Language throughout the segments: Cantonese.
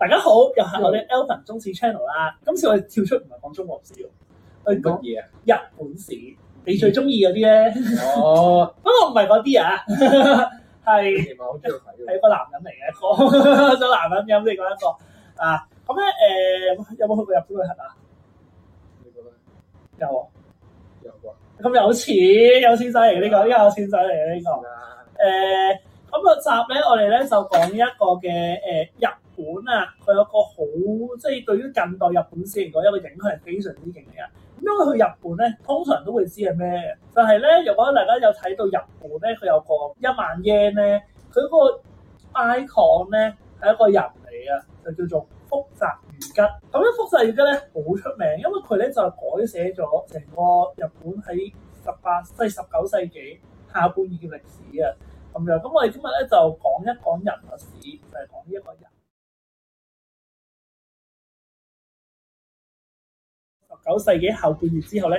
大家好，又係我哋 Alvin 中史 channel 啦。今次我哋跳出唔係講中國史，去講嘢啊。日本史，你最中意嗰啲咧？哦， 不過唔係嗰啲啊，係係一個男人嚟嘅，講咗男人咁一個啊。咁咧誒，有冇去過日本旅行啊？本有啊，有過本。咁有錢有錢仔嚟，啊嗯嗯嗯嗯、呢講呢個有錢仔嚟嘅呢個誒咁個集咧，我哋咧就講一個嘅誒、嗯、日本啊，佢有個好即係對於近代日本史嚟講，一個影響係非常之勁嘅。咁因為去日本咧，通常都會知係咩就係、是、咧。如果大家有睇到日本咧，佢有一個一萬 yen 咧，佢個 icon 咧係一個人嚟啊，就叫做福澤諭吉。咁樣福澤諭吉咧好出名，因為佢咧就係改寫咗成個日本喺十八世十九世紀下半葉嘅歷史啊。咁、嗯、樣，咁我哋今日咧就講一講人嘅史，就係講呢一個人。九世紀後半葉之後咧，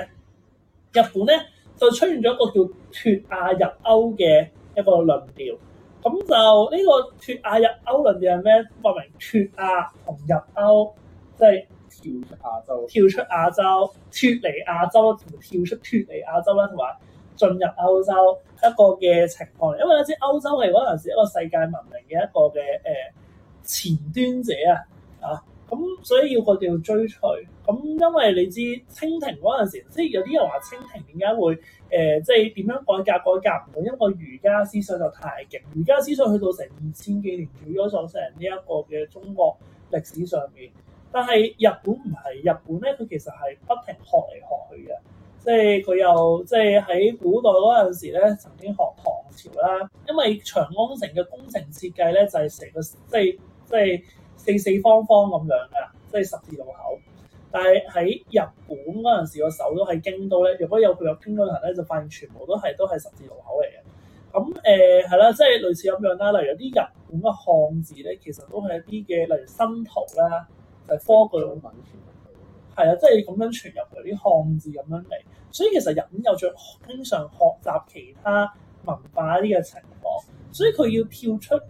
日本咧就出現咗一個叫脱亞入歐嘅一個論調。咁就呢、呢個脱亞入歐論調係咩？話明脱亞同入歐，即、就、係、係、跳出亞洲，跳出亞洲，脱離亞洲同跳出脱離亞洲啦，同埋進入歐洲一個嘅情況。因為你知歐洲係嗰陣時一個世界文明嘅一個嘅誒前端者啊，啊！咁、嗯、所以要佢哋要追隨，咁、嗯、因為你知清廷嗰陣時，即係有啲人話清廷點解會誒、呃，即係點樣改革改革唔到，因為儒家思想就太勁，儒家思想去到成二千幾年鑄造咗成呢一個嘅中國歷史上面。但係日本唔係，日本咧，佢其實係不停學嚟學去嘅，即係佢又即係喺古代嗰陣時咧，曾經學唐朝啦，因為長安城嘅工程設計咧就係、是、成個即係即係。四四方方咁樣嘅，即係十字路口。但係喺日本嗰陣時個首都喺京都咧，若果有佢有京都人咧，就發現全部都係都係十字路口嚟嘅。咁誒係啦，即係類似咁樣啦。例如有啲日本嘅漢字咧，其實都係一啲嘅，例如新圖啦，就係、是、科舉文獻。係啊、嗯，即係咁樣傳入嗰啲漢字咁樣嚟。所以其實日本有著經常學習其他文化啲嘅情況，所以佢要跳出。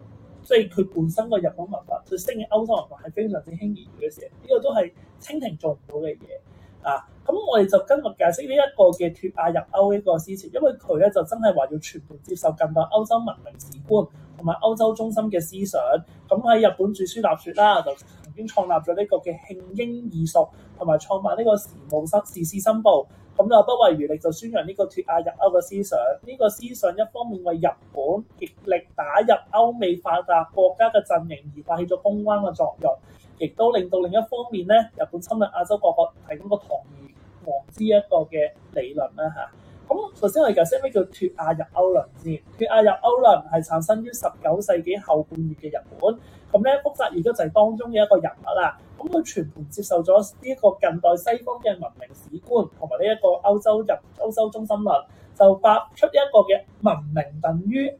即係佢本身個日本文化佢適應歐洲文化係非常之輕易嘅事，呢、這個都係清廷做唔到嘅嘢啊！咁我哋就今日解釋呢一個嘅脱亞入歐呢個思潮，因為佢咧就真係話要全部接受近代歐洲文明史觀同埋歐洲中心嘅思想，咁喺日本著書立說啦、啊、就。已經創立咗呢個嘅慶應義塾，同埋創辦呢個時務室、時事新報，咁就不遺餘力就宣揚呢個脱亞入歐嘅思想。呢、這個思想一方面為日本極力打入歐美發達國家嘅陣營而發起咗公關嘅作用，亦都令到另一方面咧，日本侵略亞洲各國提供個堂而皇之一個嘅理論啦嚇。咁頭先我哋解釋先咩叫脱亞入歐論先？脱亞入歐論係產生於十九世紀後半葉嘅日本。咁咧，福澤諭吉就係當中嘅一個人物啦。咁佢全盤接受咗呢一個近代西方嘅文明史觀，同埋呢一個歐洲入歐洲中心論，就發出一個嘅文明等於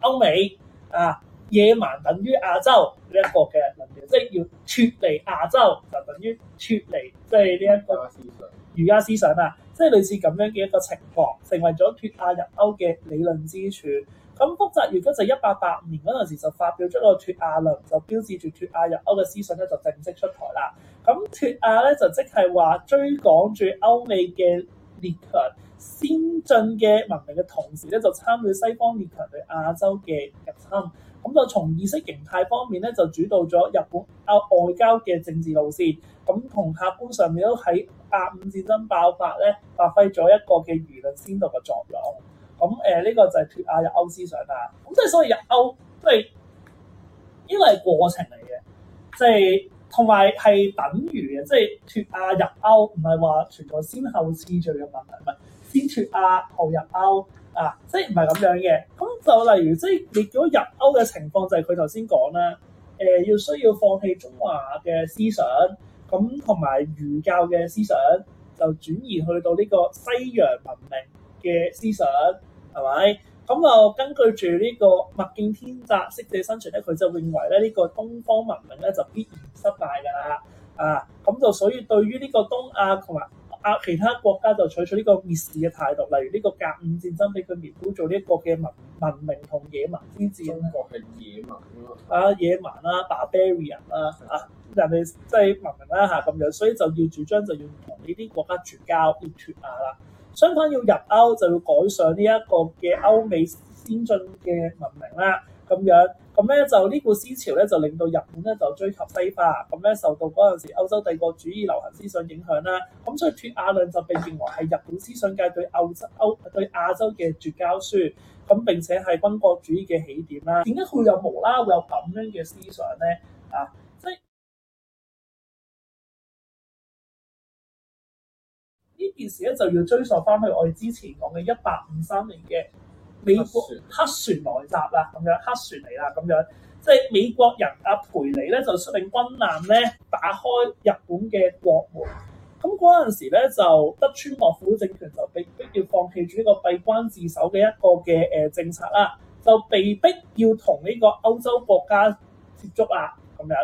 歐美啊，野蠻等於亞洲呢一、這個嘅論點，即、就、係、是、要脱離亞洲就等於脱離，即係呢一個儒家思想啊，啊即係類似咁樣嘅一個情況，成為咗脱亞入歐嘅理論支柱。咁複雜，如果就一八八五年嗰陣時就發表咗個脱亞論，就標誌住脱亞入歐嘅思想咧就正式出台啦。咁脱亞咧就即係話追趕住歐美嘅列強、先進嘅文明嘅同時咧，就參與西方列強對亞洲嘅入侵。咁就從意識形態方面咧就主導咗日本啊外交嘅政治路線。咁同客觀上面都喺甲午戰爭爆發咧發揮咗一個嘅輿論先導嘅作用。咁誒，呢個就係脱亞入歐思想啦。咁即係所謂入歐，即係呢個係過程嚟嘅，即係同埋係等於嘅，即係脱亞入歐，唔係話存在先後次序嘅問題，唔係先脱亞後入歐啊，即係唔係咁樣嘅。咁就例如即係列咗入歐嘅情況，就係佢頭先講啦。誒、呃，要需要放棄中華嘅思想，咁同埋儒教嘅思想，就轉移去到呢個西洋文明嘅思想。係咪咁就根據住呢個物競天擇適者生存咧，佢就認為咧呢個東方文明咧就必然失敗㗎啦啊！咁就所以對於呢個東亞同埋亞其他國家就採取呢個蔑視嘅態度，例如呢個甲午戰爭俾佢描繪做呢一個嘅文文明同野,野蠻之戰。中國係野蠻啊，野蠻啦，barbarian 啦啊，barbarian 啊 barbarian 人哋即係文明啦嚇咁樣，所以就要主張就要同呢啲國家絕交要脱亞啦。相反，要入歐就要改上呢一個嘅歐美先進嘅文明啦，咁樣咁咧就呢個思潮咧就令到日本咧就追求西化，咁咧受到嗰陣時歐洲帝國主義流行思想影響啦，咁所以脱亞論就被認為係日本思想界對歐洲歐洲對亞洲嘅絕交書，咁並且係軍國主義嘅起點啦。點解佢又無啦會有咁樣嘅思想咧？啊！呢件事咧就要追溯翻去我哋之前講嘅一八五三年嘅美國黑船來襲啦，咁樣黑船嚟啦，咁樣即係美國人阿佩尼咧就率領軍艦咧打開日本嘅國門，咁嗰陣時咧就德川幕府政權就被逼迫要放棄住呢個閉關自守嘅一個嘅誒政策啦，就被逼迫要同呢個歐洲國家接觸啦，咁樣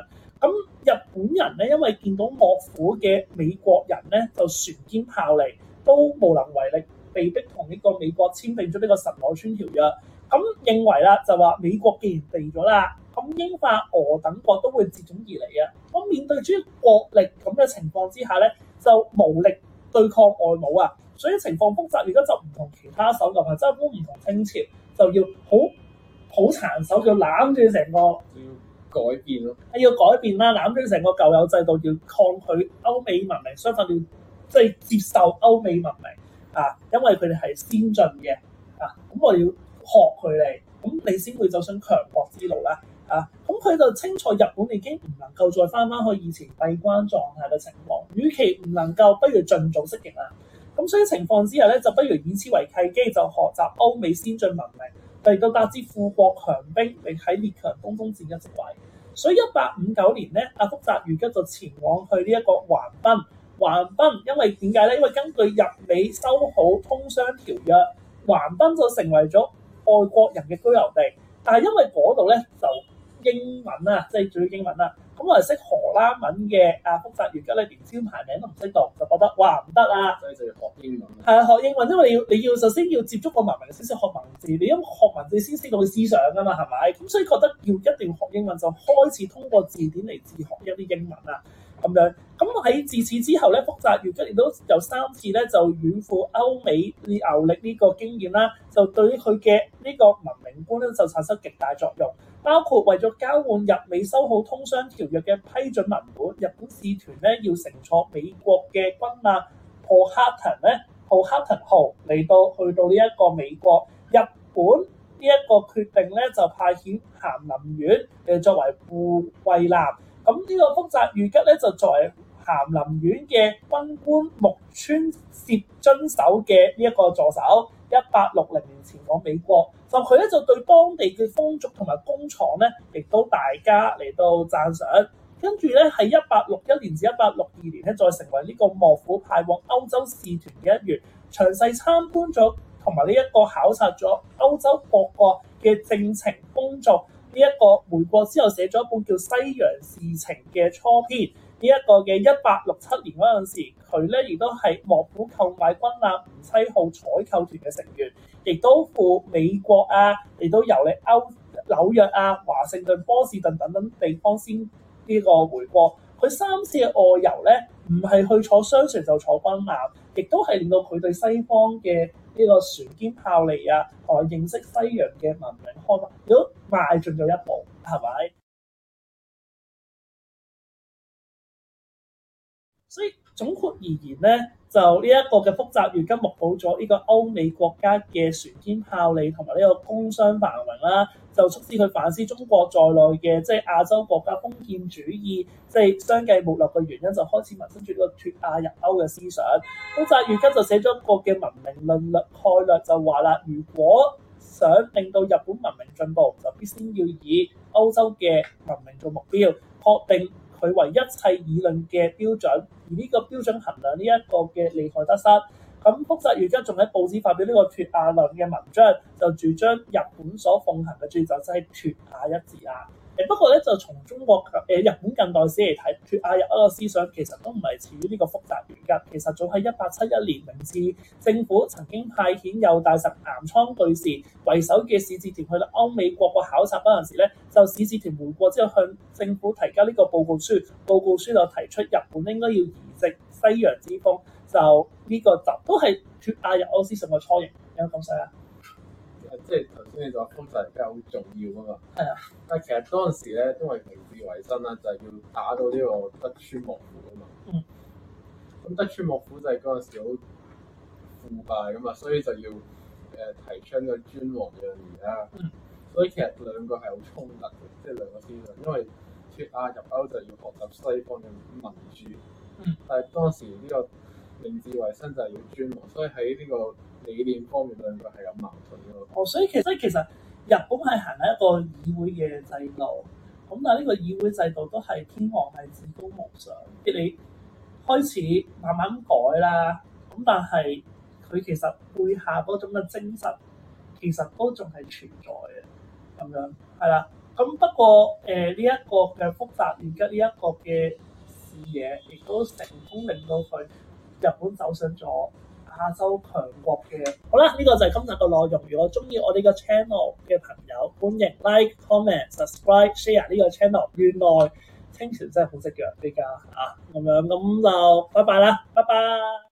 咁。嗯日本人咧，因為見到幕府嘅美國人咧，就船堅炮利，都無能為力，被逼同呢個美國簽訂咗呢個神奈川條約。咁認為啦，就話美國既然肥咗啦，咁英法俄等國都會接踵而嚟啊！咁面對住國力咁嘅情況之下咧，就無力對抗外侮啊！所以情況複雜，而家就唔同其他手咁啊，真係好唔同清朝，就要好好殘手，要攬住成個。嗯改變咯，係要改變啦。攬住成個舊有制度，要抗拒歐美文明，相反要即係接受歐美文明啊。因為佢哋係先進嘅啊，咁我哋要學佢哋，咁你先會走上強國之路啦啊。咁佢就清楚日本已經唔能夠再翻返去以前閉關狀態嘅情況，與其唔能夠，不如儘早適應啦。咁所以情況之下咧，就不如以此為契機，就學習歐美先進文明。嚟到達至富國強兵，並喺列強東方佔一席位。所以一八五九年咧，阿福澤諭吉就前往去呢一個橫濱。橫濱因為點解咧？因為根據日美修好通商條約，橫濱就成為咗外國人嘅居留地。但係因為嗰度咧就英文啊，即係最英文啦。咁我係識荷蘭文嘅，啊，福澤諭吉咧，連招牌名都唔識讀，就覺得哇唔得啊。所以就要學英文。係啊，學英文，因為你要你要首先要接觸個文明，先識學文字。你因為學文字先識到思想㗎嘛，係咪？咁所以覺得要一定要學英文，就開始通過字典嚟自學一啲英文啊。咁樣，咁喺自此之後咧，福澤諭吉亦都有三次咧，就遠赴歐美嘅牛力呢個經驗啦，就對於佢嘅呢個文明觀咧，就產生極大作用。包括為咗交換日美修好通商條約嘅批准文本，日本使團咧要乘坐美國嘅軍艦破哈騰咧，破哈騰號嚟到去到呢一個美國，日本呢一個決定咧，就派遣咸臨丸嘅作為護衛艦。咁呢個福澤諭吉咧就作為咸林縣嘅軍官木村攝津守嘅呢一個助手，一八六零年前往美國，就佢咧就對當地嘅風俗同埋工廠咧亦都大家嚟到讚賞。跟住咧喺一八六一年至一八六二年咧再成為呢個幕府派往歐洲使團嘅一員，詳細參觀咗同埋呢一個考察咗歐洲各國嘅政情風俗。呢一個回國之後寫咗一本叫《西洋事情》嘅初篇。這個、呢一個嘅一八六七年嗰陣時，佢咧亦都係幕府購買軍艦七號採購團嘅成員，亦都赴美國啊，亦都遊歷歐紐約啊、華盛頓、波士頓等等，等等地方先呢個回國。佢三次外遊咧，唔係去坐商船就坐軍艦，亦都係令到佢對西方嘅呢個船堅炮利啊，同埋認識西洋嘅文明開化。邁進咗一步，係咪？所以總括而言咧，就呢一個嘅福澤諭吉目睹咗呢個歐美國家嘅船堅炮利同埋呢個工商繁榮啦，就促使佢反思中國在內嘅即係亞洲國家封建主義，即係相繼沒落嘅原因，就開始萌生住呢個脱亞入歐嘅思想。福澤諭吉就寫咗一個嘅文明論之概略，就話啦，如果想令到日本文明進步，就必須要以歐洲嘅文明做目標，確定佢為一切議論嘅標準，而呢個標準衡量呢一個嘅利害得失。咁福澤諭吉仲喺報紙發表呢個脱亞論嘅文章，就主張日本所奉行嘅最真係脱亞一字啊。誒不過咧，就從中國及、呃、日本近代史嚟睇，脱亞入歐嘅思想其實都唔係始於呢個複雜年代。其實早喺一八七一年，明治政府曾經派遣右大臣岩倉具視為首嘅使節團去到歐美國國考察嗰陣時咧，就使節團回國之後向政府提交呢個報告書，報告書就提出日本應該要移植西洋之風，就呢個就都係脱亞入歐思想嘅初型。有冇咁寫啊？即係頭先你話封殺就係比較好重要啊嘛，係啊，但係其實嗰陣時咧，因為明治維新啦，就係、是、要打到呢個德川幕府啊嘛。嗯。咁德川幕府就係嗰陣時好腐敗噶嘛，所以就要誒、呃、提倡呢個尊王嘅理念啦。嗯。所以其實兩個係好衝突嘅，即係兩個思想，因為脱亞入歐就要學習西方嘅民主，嗯、但係當時呢個明治維新就係要尊王，所以喺呢個理念方面，兩個係有矛盾。哦，所以其實其實日本係行喺一個議會嘅制度，咁但係呢個議會制度都係天皇係至高無上，即你開始慢慢改啦，咁但係佢其實背下嗰種嘅精神其實都仲係存在嘅，咁樣係啦，咁不過誒呢、呃、一個嘅福澤而家呢一個嘅視野，亦都成功令到佢日本走上咗。亞洲強國嘅，好啦，呢個就係今日嘅內容。如果中意我哋嘅 channel 嘅朋友，歡迎 like、comment、subscribe、share 呢個 channel。原來清泉真係好識講呢家啊，咁樣，咁就拜拜啦，拜拜。